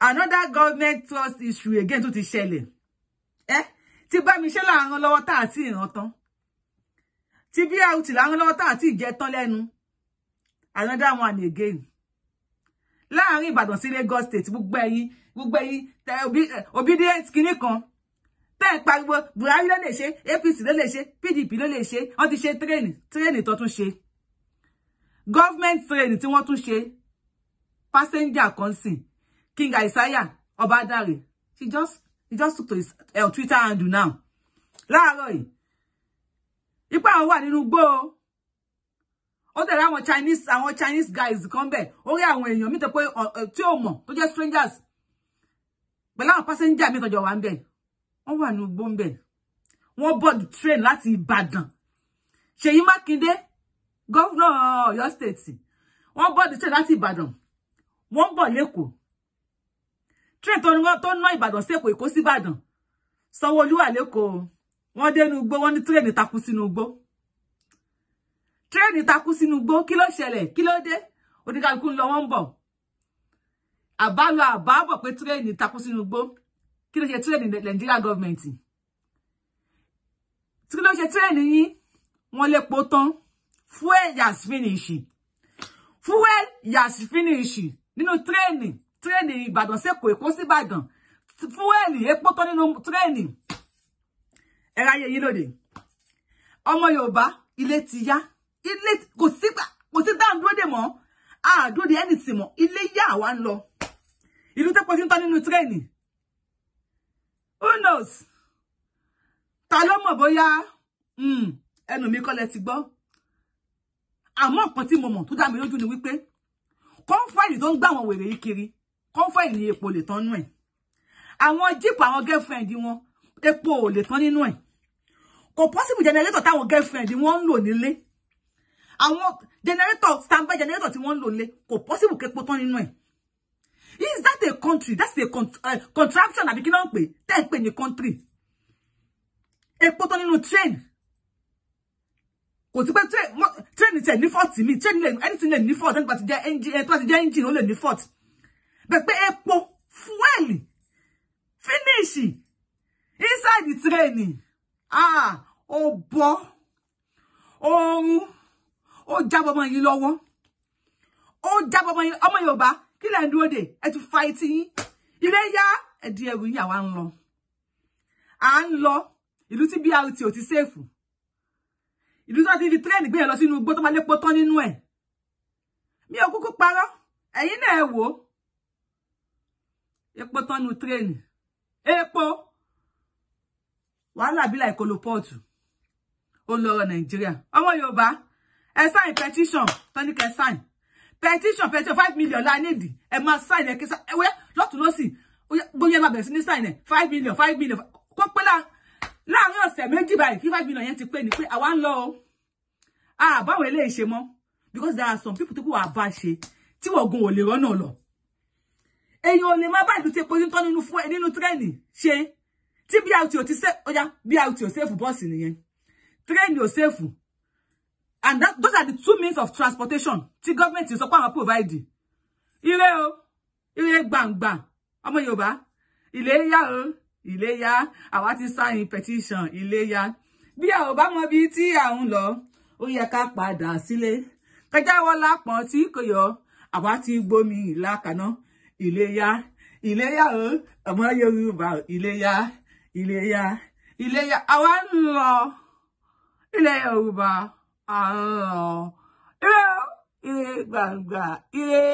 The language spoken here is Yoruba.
another government trust issue again tó ti ṣẹlẹ̀ eh tí bá mi ṣe la ran lọ́wọ́ tá ti ran tán tí bí out la ran lọ́wọ́ tá ti jẹ tán lẹ́nu another one again láàrin Ìbàdàn sí Lagos state gbugbe yin gbugbe yin te obi obedient kini kan tẹ́ ẹ̀ pariwo Buhari ló lè ṣe APC ló lè ṣe PDP ló lè ṣe wọ́n ti ṣe tírénì tírénì to tún ṣe government tírénì tí wọ́n tún ṣe pásẹ́ńjà kan sìn King Isaiah Obadare. He just he just took to his uh, Twitter do now. Láàárọ̀ yìí. Ipa àwọn wà nínú gbó o. Ó tẹ̀lé àwọn Chinese àwọn Chinese guys come bẹ̀. Orí àwọn èèyàn mi tẹ̀ pé eh, tí ò mọ̀ tó just strangers. Pẹ̀lú àwọn passenger mi tọjọ wà ń bẹ̀. Wọ́n wà nínú gbó ń bẹ̀. Wọ́n board train láti Ìbàdàn. Ṣèyí Mákindé, governor your state. Wọ́n board train láti Ìbàdàn. Wọ́n board lẹ́kọ̀ọ́ train tó tó ná Ìbàdàn sí Èkó Èkó sí Ìbàdàn Sanwó-Olú wà l'Ékòó wọ́n dé inú igbó wọ́n ní train takú sínú igbó train takú sínú igbó kí ló ṣẹlẹ̀ kí ló dé oníkálukú ń lọ wọ́n ń bọ̀ àbálọ àbábọ̀ pé train takú sínú igbó kí ló ṣe train Nigeria government tí ló ṣe train yín wọ́n lè po tán fuel yas finish fuel yas finish nínú train tírẹ́ẹ̀nì ìbàdàn sẹ́kọ̀ọ́ èkó síbàdàn fúwẹ́ẹ̀lì epo tó nínú tírẹ́ẹ̀nì ẹ̀rọ ayé yìí lóde ọmọ yorùbá ilé ti yá ilé kò sí kò sí dáńdúró dè mọ́ àádúró dè ẹnì tì mọ́ ilé yá àwa ń lọ ìlú tẹ́pọ̀ tí ń tọ́ nínú tírẹ́ẹ̀nì who knows ta ló mọ̀ bóyá hmm, ẹnu mi kọ́lẹ̀ ti gbọ́ àmọ́ nǹkan tí mo mọ̀ tó dá mi lójú ni wípé kọ́ńfàìlì tó ń gbà wọn wèrè yìí kiri kọ́ńfọ̀ì ní epo lè tán nú ẹ̀ àwọn jíìpù àwọn girlfriend wọn epo ò lè tán nínú ẹ̀ kò possible generator táwọn girlfriend wọn ń lò nílé àwọn generator standby generator tí wọ́n ń lò nílé kò possible képo tán nínú ẹ̀ is that a country that's a eh, contraption àbí kí náà ń pè tẹ́ ń pè ní country epo tán nínú train kò sí pé train tiẹ̀ ní fault mi train lè anything lè ní fault ẹni tó bá ti jẹ́ engine eh, ó lè ní fault pẹ̀pẹ́ epo fúẹ́lì fínísì inside tírẹ́ẹ̀nì ah ó bọ́ oorun ó jábọ́ ọmọ yìí lọ́wọ́ ó jábọ́ ọmọ yìí ọmọ Yorùbá kí lẹ́ ń dúró dè ẹ ti fa etí yín ilé yá ẹ̀dí ẹrù yín àwa ń lọ à ń lọ ìlú tí BRT ò ti séèfù ìlú tó ti fi tírẹ́ẹ̀nì gbé yẹn lọ sínú igbó máa lépo tán nínú ẹ̀ mi ò kúkú parọ́ ẹ̀yin náà ẹ wò ó epo tán nu tírẹ́ẹ̀nì epo wàhálà bí láì kolo pọ́ọ̀tù ó lọ́rọ̀ nàìjíríà ọmọ yorùbá ẹ sign petition tán ní sign petition petition five million la níìdì ẹ máa sign ẹ kí sign ẹ wẹ lọ́tún lọ́sì gbóyè máa bẹ̀rẹ̀ sí ní sign ẹ five million five million kó la la láàrin se meji báyìí kí five million yẹn ti pé ni pé àwa ń lọ o àbáwọ̀ eléyìí ṣe mọ́ because there are some people tó kù wà bá ṣe tí wọ́n gun ò lè rọ́nà èèyàn ò lè má báàgì tí epo yín tán nínú fún ẹ nínú tírẹ́ẹ̀nì ṣe tí BRT ò ti "Oya, ọjà out ò ṣèfù bọ́ọ̀sì nìyẹn tírẹ́ẹ̀nì ò ṣèfù and that, those are the two means of transportation tí government sọ pé àwọn provide ire o ire gbàǹgbà ọmọ Yorùbá Iléyá o Iléyá àwa ti sign petition Iléyá bí a ò bá mọ bí tí à ń lọ ó yẹ ká padà sílé kẹjáwọ́ lápọ̀n tí kò yọ àwa ti gbomi ìlà kaná iléyá iléyá o ọmọ yorùbá o iléyá iléyá iléyá àwa ń lọ ilẹ̀ yorùbá à ń lọ ilé gbàngbà ilé.